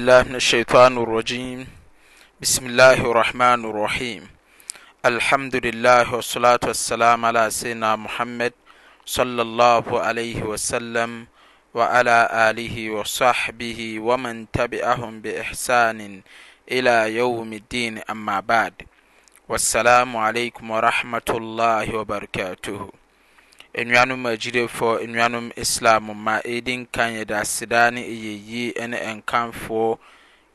بالله من الشيطان الرجيم بسم الله الرحمن الرحيم الحمد لله والصلاة والسلام على سيدنا محمد صلى الله عليه وسلم وعلى آله وصحبه ومن تبعهم بإحسان إلى يوم الدين أما بعد والسلام عليكم ورحمة الله وبركاته nnuanom agyilefoɔ nnuanom islam ma ɛdi nkan yɛde asedaa ne ɛyɛyi ne nkanfoɔ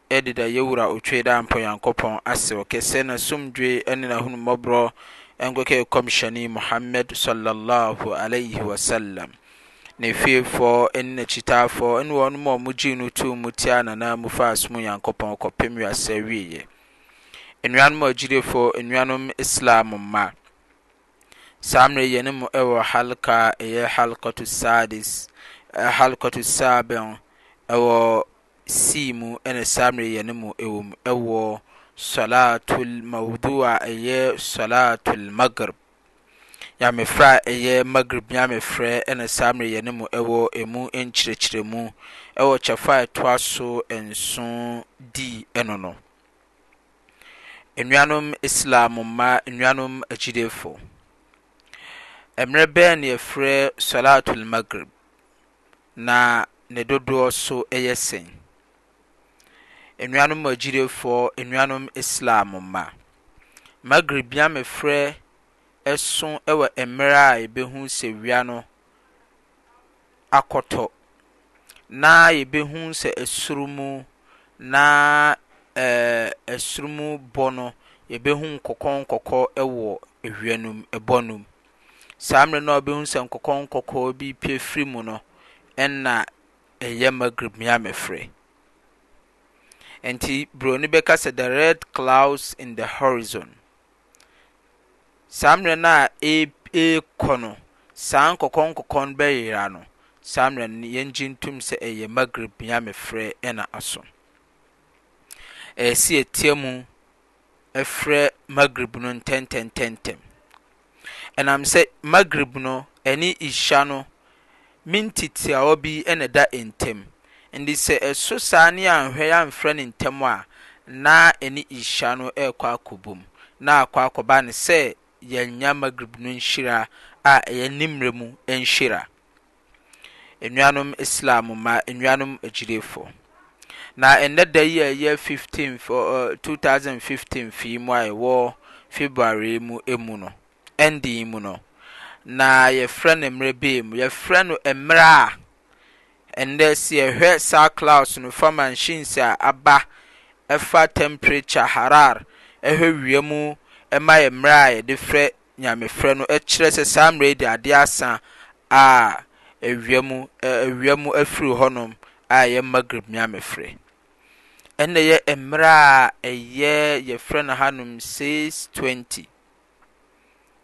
ɛdeda yɛwura otwe da mpɔ nyankopɔn asew kɛsɛ na somdwe ne n'ahonumɔborɔ nkɔkɛ kɔmhyɛne muhammad sallallahu alaihi wasallam ne fiefoɔ ne n'akyitaafoɔ ne wɔn mu a wɔgye no tu mu tia nana mu fa asom nyankopɔn kɔpem wiasɛ wieɛ nnuanom agyilefoɔ nnuanom islam ma saa mmerɛ yɛne mu ɛwɔ halka ɛyɛ halkatu sadis saben ɛwɔ c mu ɛna saa mmerɛ yɛne mu ɛwɔ mu ɛwɔ salatul mawdua ɛyɛ salatul magrib nyamefrɛ a ɛyɛ magrib nyamefrɛ ɛna saa mmerɛ yɛne mu ɛwɔ ɛmu mu ɛwɔ kyɛfa a ɛtoa so nson di ɛno no nnuanom islam mma nnuanom agyidefo mmerɛ bɛn na yɛfrɛ salatul maghrib na ne dodoɔ so yɛ sɛn nnuanom agyirefoɔ nnuanom islam ma maghrib ya mefrɛ so wɔ mmerɛ a yɛbɛhu sɛ wia no akɔtɔ na yɛbɛhu sɛ ɛsoro mu na ɛɛ ɛsoro mu bɔ no yɛbɛhu nkɔkɔ nkɔkɔ wɔ ewia no mu ɛbɔ no mu saa merɛ no a wɔbɛhu sɛ nkɔkɔn nkɔkɔɔ bir pie firi mu no ɛnna ɛyɛ magrib meame frɛ ɛnti buro ne bɛka sɛ the red clouds in the horizon saa mmerɛ no a ɛɛkɔ e, no saa nkɔkɔ nkɔkɔn no bɛyera no saa merɛ nono yɛngye ntom sɛ ɛyɛ magrib meame frɛ ɛna aso ɛyɛsi atia mu ɛfrɛ magrib no ntɛntɛm ntɛntɛm ɛnam sɛ magrib no ɛne ihya no minti tiawa bi ɛna da ntam nti sɛ ɛso saa ne anhwɛ amfrɛ ne ntam a na ɛne ihya no ɛɛkɔ akɔbom na akɔ akɔba ne sɛ yɛnya magrib no nhyira a ɛyɛ nimmerɛ mu nhyira nnuanom islam ma nnuanom agyirefo na ɛnɛ da yi a ɛyɛ 15 2015 fii mu a ɛwɔ february mu emu no ending mu no na yɛfrɛ no mmerɛ bee mu yɛfrɛ no mmerɛ a ɛnɛ si yɛhwɛ saa clouds no fa machines a aba ɛfa temperature harar ɛhwɛ wia mu ɛma yɛ mmerɛ a yɛde frɛ nyamefrɛ no ɛkyerɛ sɛ saa mmerɛ de adeɛ asa a ewia mu ewia mu afiri hɔnom a ɛyɛ magrib nyamefrɛ ɛnna yɛ mmerɛ a ɛyɛ yɛfrɛ no hanom 620.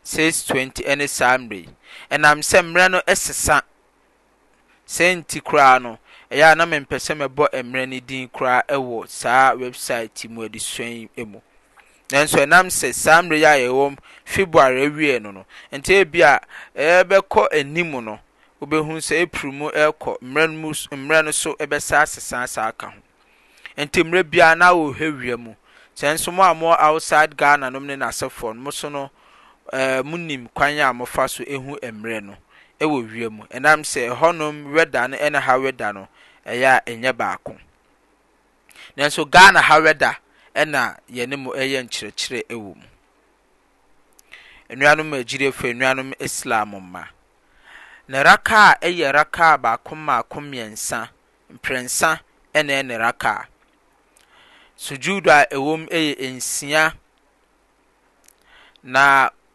six twenty ɛne saa mmerɛ yi ɛnam sɛ mmerɛ no ɛsesa sɛnti koraa no ɛyɛ a na mempɛ sɛ mɛbɔ mmerɛ no din koraa ɛwɔ saa website mu adesua yi mu nanso ɛnam sɛ saa mmerɛ yi a yɛwɔ february awie no no nti ebi a ɛbɛkɔ anim no wobɛhu sɛ april mu ɛrekɔ mmerɛ no mu mmerɛ no so ɛbɛsa asesa saa aka ho nti mmerɛ biara na wɔhwɛ wiem sɛ nso mo a mo outside ghana nom ne n'asɛfoɔ no mo so no ɛɛ eh, munim kwan a wɔfa so hu mmerɛ no wɔ wiem ɛnam sɛ hɔnom weda no ne ha weda no ɛyɛ a ɛnyɛ baako nanso ghana ha wɛda ɛna yɛne mu ɛyɛ nkyerɛkyerɛ wɔ mu nnuanom agyirefo nnuanom islam mma ne raka a ɛyɛ raka a baako mmaako mmiɛnsa mprɛnsa ɛna ɛne raka sujudu a ɛwɔ mu yɛ nsia na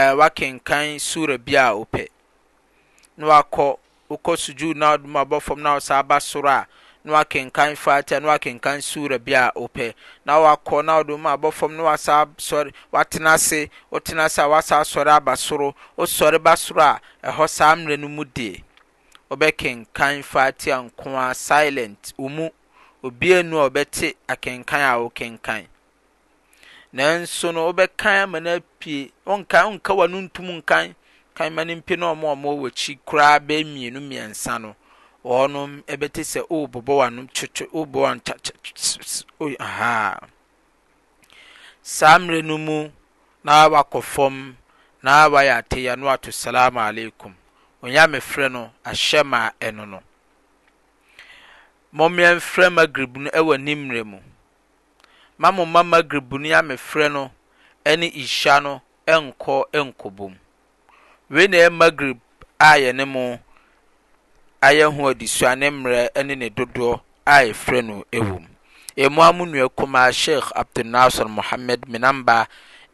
ɛɛ wakenkan sura bi a wopɛ na wakɔ wokɔ sujuu na ɔdum abɔ fam na ɔsa aba soro a na wakenkan fata na wakenkan sura bi a wopɛ na wakɔ na ɔdum abɔ fam na wasan sɔre watena ase wotena ase a wasan sɔre aba soro wosɔre ba soro a ɛhɔ saa mmerɛ no mu die wɔbɛkenkan fata nko a silent wɔn mu obiara nu a wɔbɛte akenkan a wɔkenkan. nanso no wobɛkan ama no apie ɔnka ɔnka wa no ntum nkan kan ma no mpe na ɔmo ɔmo wɔ akyi koraa bɛɛ mmienu mmiɛnsa no ɔno ɛbɛte sɛ o bɔbɔ wa no twetwe o bɔ wa no kyakyakyak o aha saa mmerɛ no mu na wakɔ fam na wayɛ ateya no ato salamu aleikum onyame frɛ no ahyɛ ma ɛno no mɔmmɛn frɛ magrib no ɛwɔ ne mmerɛ mu mamomma magrib bunuame frɛ no ne isya no nkɔ nkɔbom wei ne magrib a yɛ ne mo ayɛ ho adisuane mmerɛ ne ne dodoɔ a yɛfrɛ no wɔm ɛmoa mo nnua kɔmaa sheikh abdunaser mohammed menam baa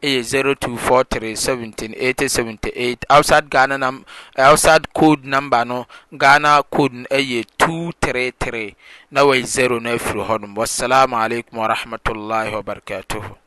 aye 02 43 17 878 awsade gana nam aw sad code nambano gana kod aye 2 3 3 naway 09 honum wassalaamu aleykum warahmatullahi wa barakatuhu